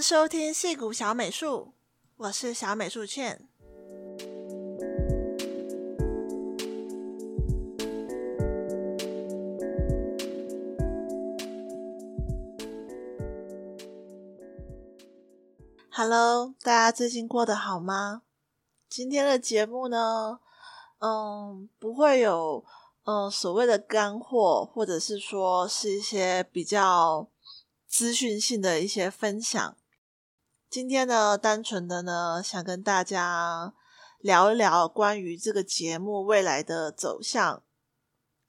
收聽矽谷小美術，我是小美術倩。Hello，大家最近過得好嗎？今天的節目呢，嗯，不會有嗯所謂的乾貨，或者是說是一些比較資訊性的一些分享。今天呢，單純的呢，想跟大家聊一聊關於這個節目未來的走向。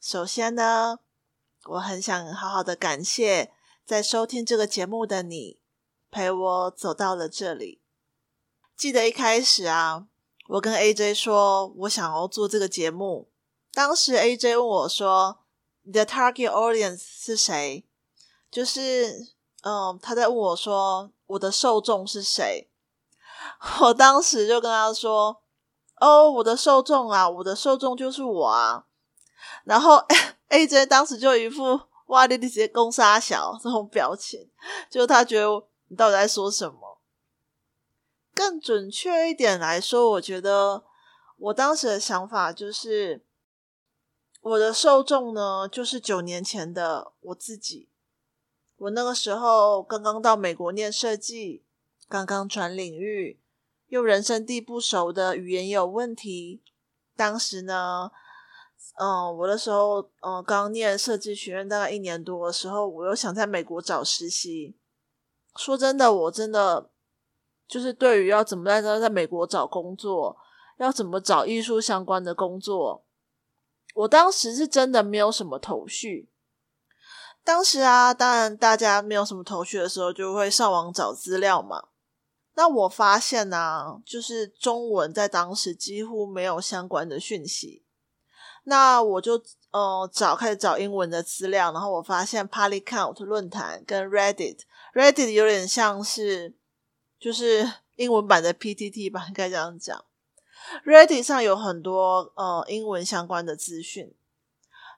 首先呢，我很想好好的感謝在收聽這個節目的你，陪我走到了這裡。記得一開始啊，我跟 AJ 說，我想要做這個節目。當時 AJ 問我說：“The target audience 是誰？”就是。嗯，他在問我說：“我的受眾是誰？”我當時就跟他說：“哦，我的受眾啊，我的受眾就是我啊。”然後、哎、AJ 當時就有一副“哇，你你直接講三小”這種表情，就他覺得你到底在說什麼。更準確一點來說，我覺得我當時的想法就是，我的受眾呢，就是九年前的我自己。我那個時候剛剛到美國念設計，剛剛轉領域，又人生地不熟的，語言也有問題。當時呢，嗯，我那時候，嗯，剛念設計學院大概一年多的時候，我又想在美國找實習。說真的，我真的就是對於要怎麼在在在美國找工作，要怎麼找藝術相關的工作，我當時是真的沒有什麼頭緒。當時啊，當然大家沒有什麼頭緒的時候，就會上網找資料嘛。那我發現呢，啊，就是中文在當時幾乎沒有相關的訊息。那我就呃找開始找英文的資料，然後我發現 Polycount 論壇跟 Reddit，Reddit Red 有點像是就是英文版的 PTT 吧，應該這樣講。Reddit 上有很多呃英文相關的資訊。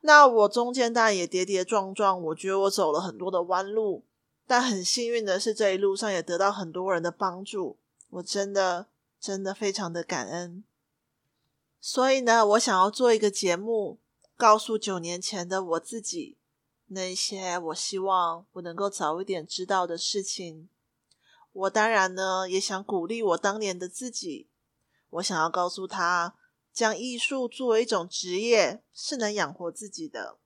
那我中間當然也跌跌撞撞，我覺得我走了很多的彎路，但很幸運的是這一路上也得到很多人的幫助，我真的真的非常的感恩。所以呢，我想要做一個節目，告訴九年前的我自己，那些我希望我能夠早一點知道的事情。我當然呢也想鼓勵我當年的自己，我想要告訴他。將藝術作為一種職業是能養活自己的，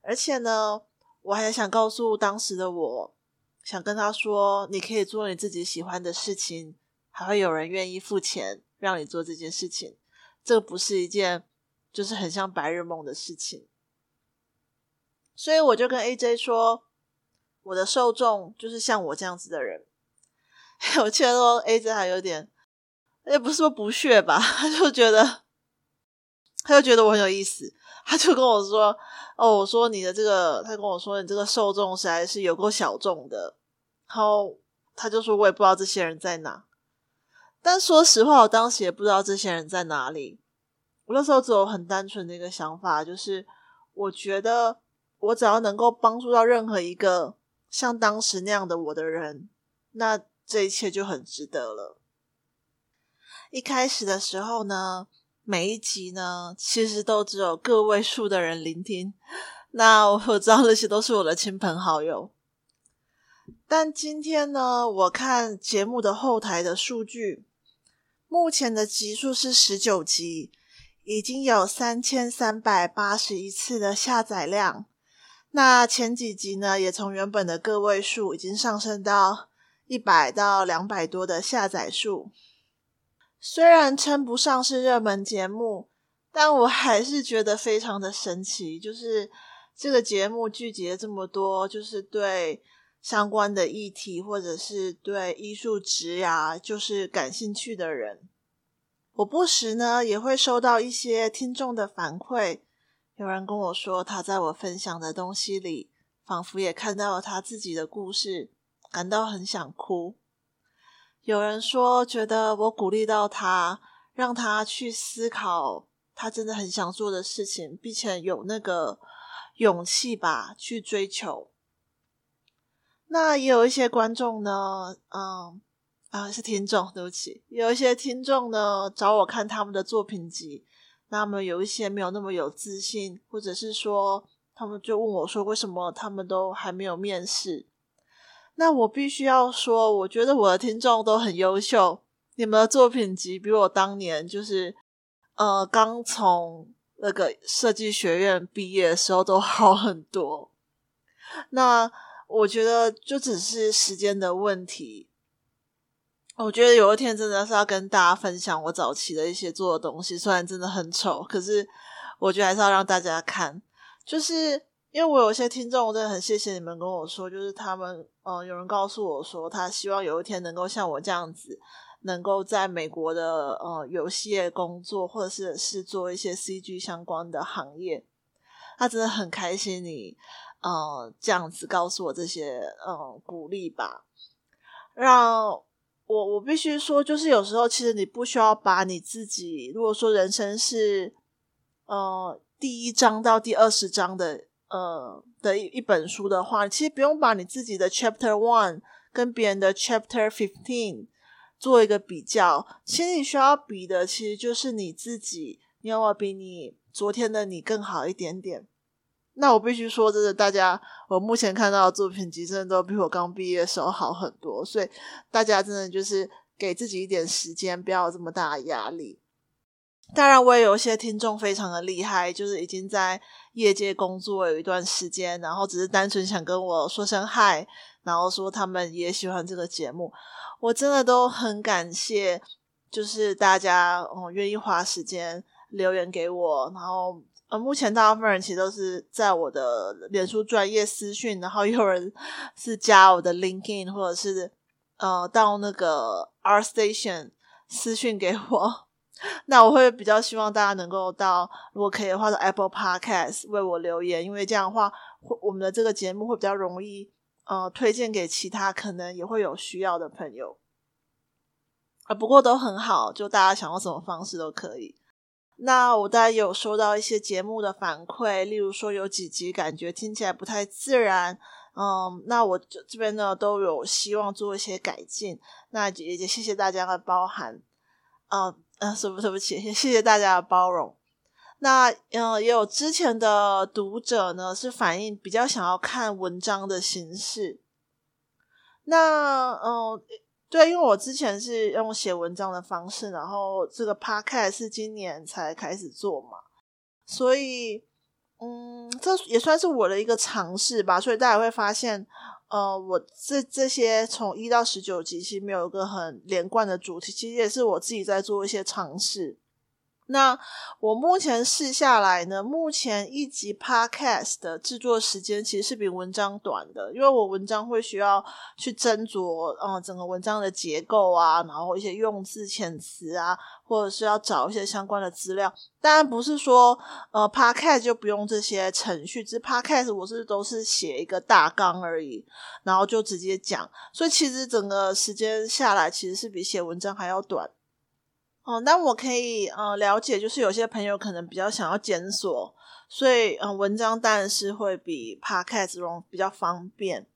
而且呢，我還想告訴當時的我，想跟他說，你可以做你自己喜歡的事情，還會有人願意付錢讓你做這件事情，這不是一件就是很像白日夢的事情。所以我就跟 AJ 說，我的受眾就是像我這樣子的人。 我記得說 AJ 還有點。也不是說不屑吧，他就覺得，他就覺得我很有意思，他就跟我說：“哦，我說你的這個，他跟我說你這個受眾實在是有夠小眾的。”然後他就說：“我也不知道這些人在哪。”但說實話，我當時也不知道這些人在哪裡。我那時候只有很單純的一個想法，就是我覺得我只要能夠幫助到任何一個像當時那樣的我的人，那這一切就很值得了。一開始的時候呢，每一集呢其實都只有個位數的人聆聽。那我知道這些都是我的親朋好友。但今天呢，我看節目的後台的數據，目前的集數是十九集，已經有三千三百八十一次的下載量。那前幾集呢，也從原本的個位數已經上升到一百到兩百多的下載數。雖然稱不上是熱門節目，但我還是覺得非常的神奇。就是這個節目聚集了這麼多，就是對相關的議題或者是對藝術職涯，就是感興趣的人。我不時呢也會收到一些聽眾的反饋，有人跟我說，他在我分享的東西裡，仿佛也看到了他自己的故事，感到很想哭。有人說覺得我鼓勵到他，讓他去思考他真的很想做的事情，並且有那個勇氣吧，去追求。那也有一些觀眾呢，嗯，啊，是聽眾，對不起，有一些聽眾呢找我看他們的作品集，那麼有一些沒有那麼有自信，或者是說他們就問我說為什麼他們都還沒有面試。那我必須要說，我覺得我的聽眾都很優秀，你們的作品集比我當年就是，呃，剛從那個設計學院畢業的時候都好很多。那我覺得就只是時間的問題。我覺得有一天真的是要跟大家分享我早期的一些做的東西，雖然真的很醜，可是我覺得還是要讓大家看，就是。因為我有些聽眾，我真的很謝謝你們跟我說，就是他們呃有人告訴我說他希望有一天能夠像我這樣子，能夠在美國的呃遊戲業工作，或者是是做一些 CG 相關的行業，他真的很開心你呃這樣子告訴我這些嗯、呃、鼓勵吧，讓我我必須說就是有時候其實你不需要把你自己，如果說人生是呃第一章到第二十章的，呃的一一本書的話，其實不用把你自己的 Chapter One 跟別人的 Chapter Fifteen 做一個比較，其實你需要比的其實就是你自己，你要，要比你昨天的你更好一點點。那我必須說，真的，大家我目前看到的作品集真的都比我剛畢業的時候好很多，所以大家真的就是給自己一點時間，不要有這麼大壓力。當然，我也有一些聽眾非常的厲害，就是已經在業界工作有一段時間，然後只是單純想跟我說聲嗨，然後說他們也喜歡這個節目。我真的都很感謝，就是大家嗯願意花時間留言給我，然後呃，目前大部分人其實都是在我的臉書專頁私訊，然後有人是加我的 LinkedIn，或者是呃到那個 ArtStation 私訊給我。那我會比較希望大家能夠到，如果可以的話，到 Apple Podcast 為我留言，因為這樣的話，我們的這個節目會比較容易呃推薦給其他可能也會有需要的朋友呃、啊，不過都很好，就大家想用什麼方式都可以。那我大概有收到一些節目的反饋，例如說有幾集感覺聽起來不太自然，嗯，那我這邊呢都有希望做一些改進。那也謝謝大家的包涵，嗯。嗯，所、呃、不，對不起，謝謝大家的包容。那嗯、呃，也有之前的讀者呢，是反映比較想要看文章的形式。那嗯、呃，對，因為我之前是用寫文章的方式，然後這個 Podcast 是今年才開始做嘛，所以嗯，這也算是我的一個嘗試吧。所以大家會發現。呃，我這這些從一到十九集其實沒有一個很連貫的主題，其實也是我自己在做一些嘗試。那我目前試下來呢，目前一集 podcast 的製作時間其實是比文章短的，因為我文章會需要去斟酌，嗯、呃，整個文章的結構啊，然後一些用字遣詞啊，或者是要找一些相關的資料。當然不是說，呃，podcast 就不用這些程序，只是 podcast 我是都是寫一個大綱而已，然後就直接講，所以其實整個時間下來其實是比寫文章還要短。哦、嗯，但我可以呃、嗯、了解，就是有些朋友可能比較想要檢索，所以呃、嗯、文章當然是會比 podcast 更比較方便。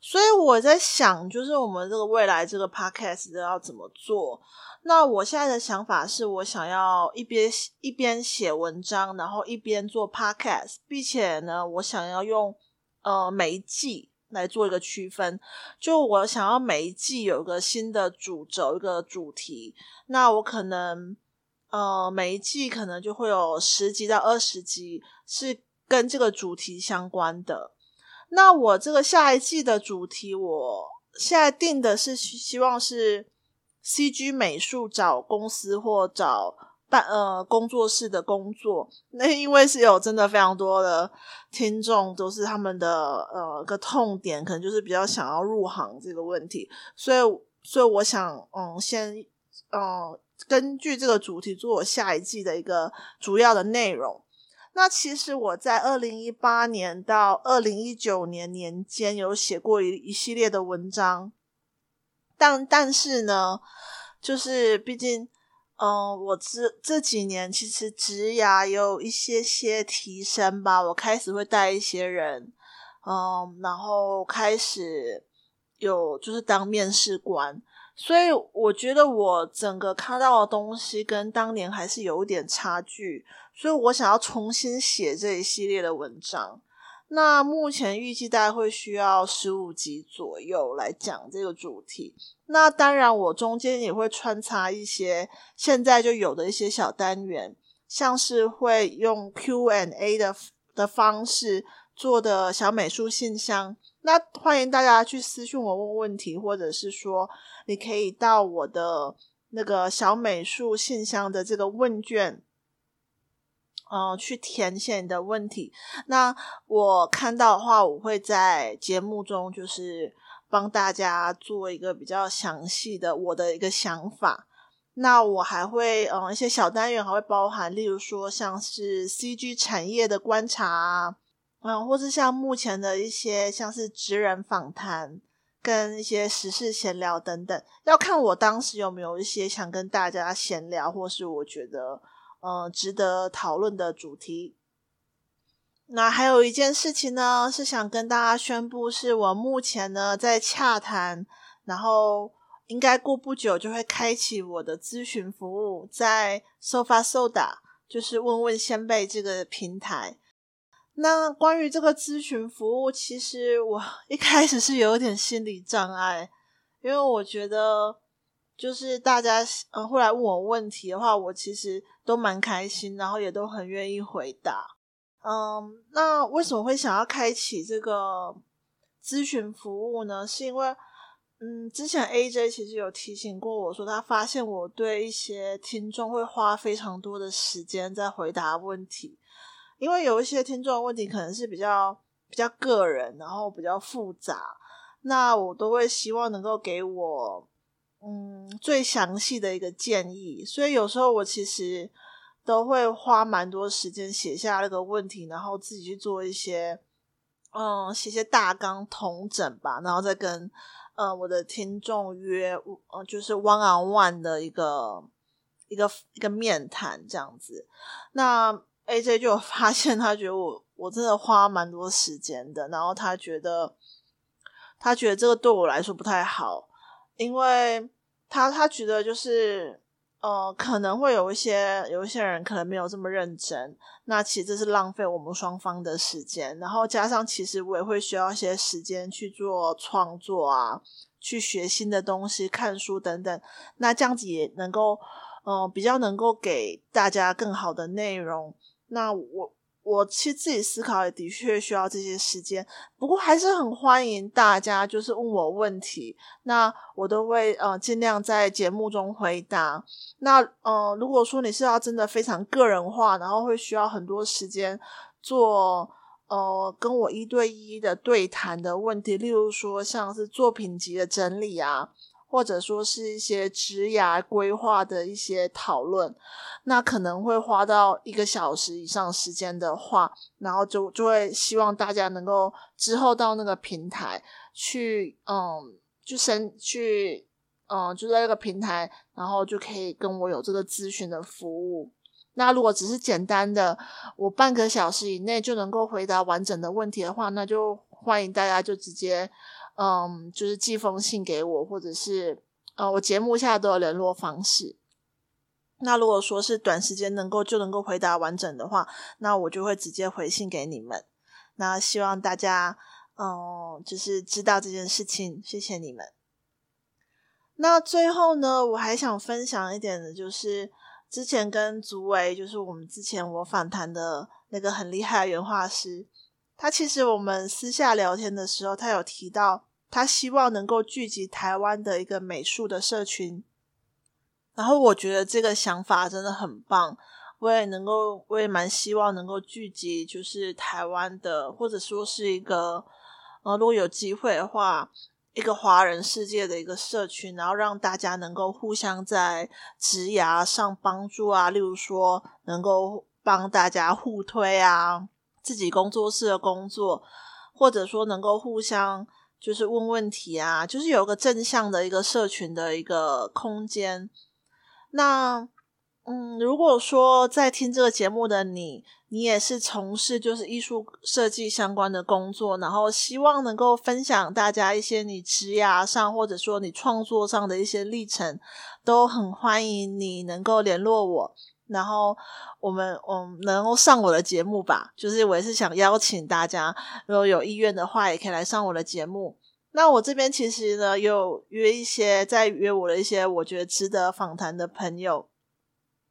所以我在想，就是我們這個未來這個 podcast 要怎麼做？那我現在的想法是我想要一邊一邊寫文章，然後一邊做 podcast，並且呢，我想要用呃媒介。來做一個區分，就我想要每一季有一個新的主軸、一個主題，那我可能呃每一季可能就會有十集到二十集是跟這個主題相關的。那我這個下一季的主題，我現在定的是希望是 CG 美術找公司或找辦呃，工作室的工作，那因為是有真的非常多的聽眾，都是他們的呃個痛點，可能就是比較想要入行這個問題，所以所以我想嗯，先嗯、呃，根據這個主題做我下一季的一個主要的內容。那其實我在二零一八年到二零一九年年間有寫過一一系列的文章，但但是呢，就是畢竟。嗯，我這這幾年其實職涯有一些些提升吧，我開始會帶一些人，嗯，然後開始有就是當面試官，所以我覺得我整個看到的東西跟當年還是有一點差距，所以我想要重新寫這一系列的文章。那目前預計大概會需要十五集左右來講這個主題。那當然，我中間也會穿插一些現在就有的一些小單元，像是會用 Q&A 的的方式做的小美術信箱。那歡迎大家去私訊我問問題，或者是說你可以到我的那個小美術信箱的這個問卷。嗯，去填寫你的問題。那我看到的話，我會在節目中就是幫大家做一個比較詳細的我的一個想法。那我還會嗯一些小單元還會包含，例如說像是 CG 產業的觀察啊，嗯，或是像目前的一些像是職人訪談跟一些時事閒聊等等。要看我當時有沒有一些想跟大家閒聊，或是我覺得。嗯，值得討論的主題。那還有一件事情呢，是想跟大家宣布，是我目前呢在洽談，然後應該過不久就會開啟我的諮詢服務，在 Sofasoda，就是問問先輩這個平台。那關於這個諮詢服務，其實我一開始是有點心理障礙，因為我覺得。就是大家呃會來問我問題的話，我其實都蠻開心，然後也都很願意回答。嗯，那為什麼會想要開啟這個諮詢服務呢？是因為嗯，之前 AJ 其實有提醒過我說，他發現我對一些聽眾會花非常多的時間在回答問題，因為有一些聽眾的問題可能是比較比較個人，然後比較複雜，那我都會希望能夠給我。嗯，最詳細的一個建議，所以有時候我其實都會花蠻多時間寫下那個問題，然後自己去做一些，嗯，寫些大綱統整吧，然後再跟嗯我的聽眾約，嗯，就是 one on one 的一個一個一個面談這樣子。那 AJ 就發現他覺得我我真的花蠻多時間的，然後他覺得他覺得這個對我來說不太好。因為他他覺得就是呃可能會有一些有一些人可能沒有這麼認真，那其實這是浪費我們雙方的時間。然後加上其實我也會需要一些時間去做創作啊，去學新的東西、看書等等。那這樣子也能夠嗯、呃、比較能夠給大家更好的內容。那我。我其實自己思考也的確需要這些時間，不過還是很歡迎大家就是問我問題，那我都會呃盡量在節目中回答。那呃，如果說你是要真的非常個人化，然後會需要很多時間做呃跟我一對一的對談的問題，例如說像是作品集的整理啊。或者說是一些職涯規劃的一些討論，那可能會花到一個小時以上時間的話，然後就就會希望大家能夠之後到那個平台去，嗯，就先去，嗯，就在那個平台，然後就可以跟我有這個諮詢的服務。那如果只是簡單的，我半個小時以內就能夠回答完整的問題的話，那就歡迎大家就直接。嗯，就是寄封信給我，或者是，呃、嗯，我節目下的聯絡方式。那如果說是短時間能夠就能夠回答完整的話，那我就會直接回信給你們。那希望大家，嗯，就是知道這件事情，謝謝你們。那最後呢，我還想分享一點的，就是之前跟竹偉，就是我們之前我訪談的那個很厲害的原畫師。他其實我們私下聊天的時候，他有提到他希望能夠聚集台灣的一個美術的社群，然後我覺得這個想法真的很棒，我也能夠，我也蠻希望能夠聚集，就是台灣的，或者說是一個，呃，如果有機會的話，一個華人世界的一個社群，然後讓大家能夠互相在職涯上幫助啊，例如說能夠幫大家互推啊。自己工作室的工作，或者說能夠互相就是問問題啊，就是有個正向的一個社群的一個空間。那嗯，如果說在聽這個節目的你，你也是從事就是藝術設計相關的工作，然後希望能夠分享大家一些你職涯上或者說你創作上的一些歷程，都很歡迎你能夠聯絡我。然後我們，嗯，能夠上我的節目吧？就是我也是想邀請大家，如果有意願的話，也可以來上我的節目。那我這邊其實呢，有約一些在約我的一些我覺得值得訪談的朋友。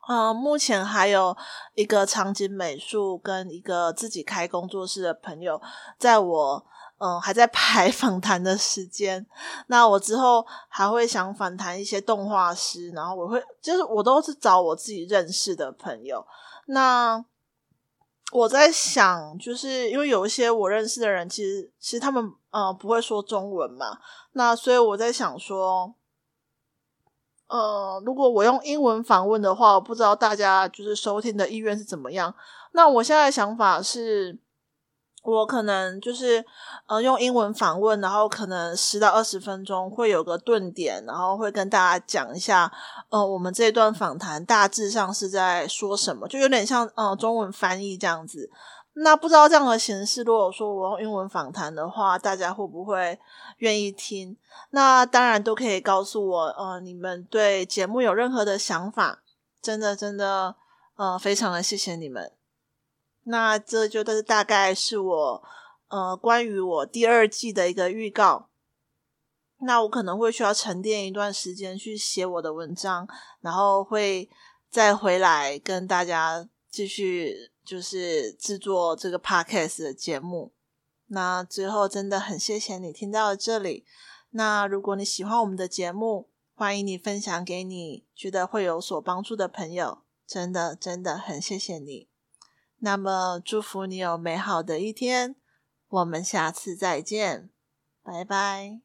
嗯，目前還有一個場景美術跟一個自己開工作室的朋友，在我。嗯，還在排訪談的時間。那我之後還會想訪談一些動畫師，然後我會就是我都是找我自己認識的朋友。那我在想，就是因為有一些我認識的人，其實其實他們呃不會說中文嘛。那所以我在想說，呃，如果我用英文訪問的話，我不知道大家就是收聽的意願是怎麼樣。那我現在的想法是。我可能就是呃用英文訪問，然後可能十到二十分鐘會有個頓點，然後會跟大家講一下，呃，我們這段訪談大致上是在說什麼，就有點像呃中文翻譯這樣子。那不知道這樣的形式，如果說我用英文訪談的話，大家會不會願意聽？那當然都可以告訴我，呃，你們對節目有任何的想法，真的真的，呃，非常的謝謝你們。那這就大概是我，呃，關於我第二季的一個預告。那我可能會需要沉澱一段時間去寫我的文章，然後會再回來跟大家繼續就是製作這個 podcast 的節目。那最後真的很謝謝你聽到了這裡。那如果你喜歡我們的節目，歡迎你分享給你覺得會有所幫助的朋友。真的真的很謝謝你。那麼，祝福你有美好的一天，我們下次再見，拜拜。